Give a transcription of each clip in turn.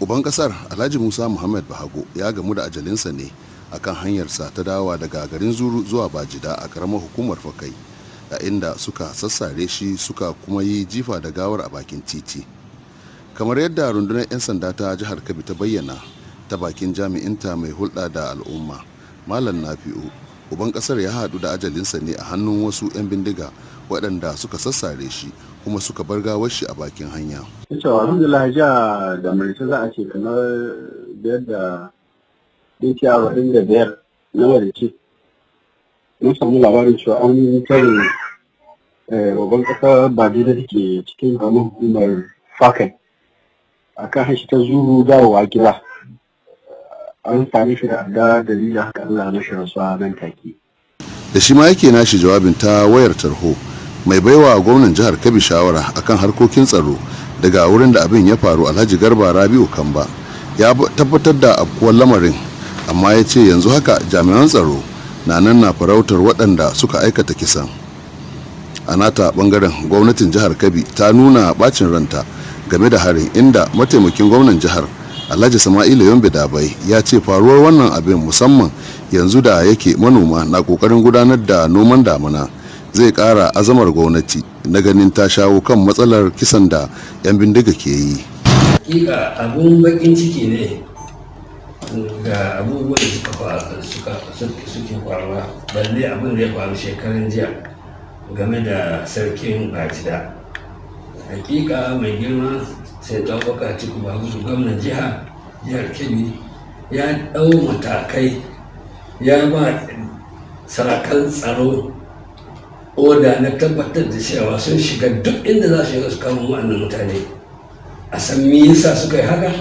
uban kasar alhaji musa muhammad bahago ya gamu da ajalinsa ne a kan hanyarsa ta dawa daga garin zuru zuwa bajida a karamar hukumar fakai a inda suka sassare shi suka kuma yi jifa da gawar a bakin titi kamar yadda rundunar 'yan sanda ta jihar kabi ta bayyana ta bakin jami'inta mai hulɗa da al'umma malam nafi'u uban kasar ya haɗu da ajalinsa ne a hannun wasu 'yan bindiga waɗanda suka sassare shi kuma suka bar gawar shi a bakin hanya. wa Abdullahi ja da Marita za a ce kamar biyar da ɗinki arba'in da biyar na marici. Mun samu labarin cewa an kare babban eh, ƙasa ba da cikin hannun hukumar Fakai. A kan hashi ta zuru dawowa gida. an shi da adda dalilin haka Allah rasuwa nan take da shi ma yake nashi jawabin ta wayar tarho mai baiwa gwamnan jihar Kabi shawara akan harkokin tsaro daga wurin da abin ya faru Alhaji Garba Rabiu Kamba ya tabbatar da abkuwar lamarin amma ya ce yanzu haka jami'an tsaro na nan na farautar waɗanda suka aikata kisan a nata ɓangaren gwamnatin jihar Kabi ta nuna bacin ranta game da harin inda mataimakin gwamnan jihar alhaji sama'ila yombe dabai ya ce faruwar wannan abin musamman yanzu da yake manoma na kokarin gudanar da noman damuna zai kara azamar gwamnati na ganin ta shawo kan matsalar kisan da 'yan bindiga ke yi hakika abun bakin ciki ne ga abubuwan da suka suke faruwa balle abin da ya faru shekarun jiya game da sarkin bajida Haƙiƙa mai girma sai ɗaukaka ba gwamnan jiha jihar kebbi ya ɗau matakai ya ba sarakan tsaro oda na tabbatar da cewa sun shiga duk inda za su shiga su kama wa'annan mutane a san me yasa suka yi haka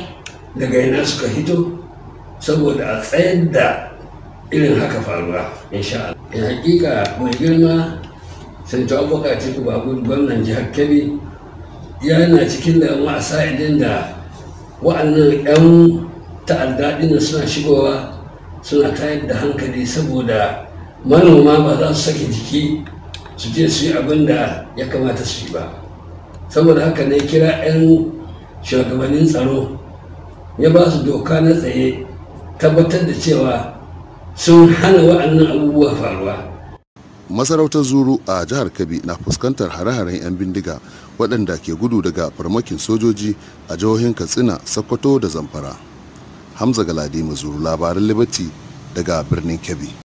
daga yana suka hito saboda a tsayar da irin haka faruwa insha Allah. haƙiƙa mai girma sun ta abokaci babu gwamnan jihar Kebbi yana cikin damuwa a sa'idin da wa'annan 'yan ta'adda ɗin suna shigowa suna tayar da hankali saboda manoma ba za su sake jiki su je su yi abin da ya kamata su yi ba saboda haka ne kira 'yan shugabannin tsaro ya ba su doka na tsaye tabbatar da cewa sun hana wa'annan abubuwa faruwa masarautar zuru a jihar kabi na fuskantar hare-haren 'yan bindiga waɗanda ke gudu daga farmakin sojoji a jihohin katsina sokoto da zamfara hamza galadima zuru labaran liberty daga birnin kabi.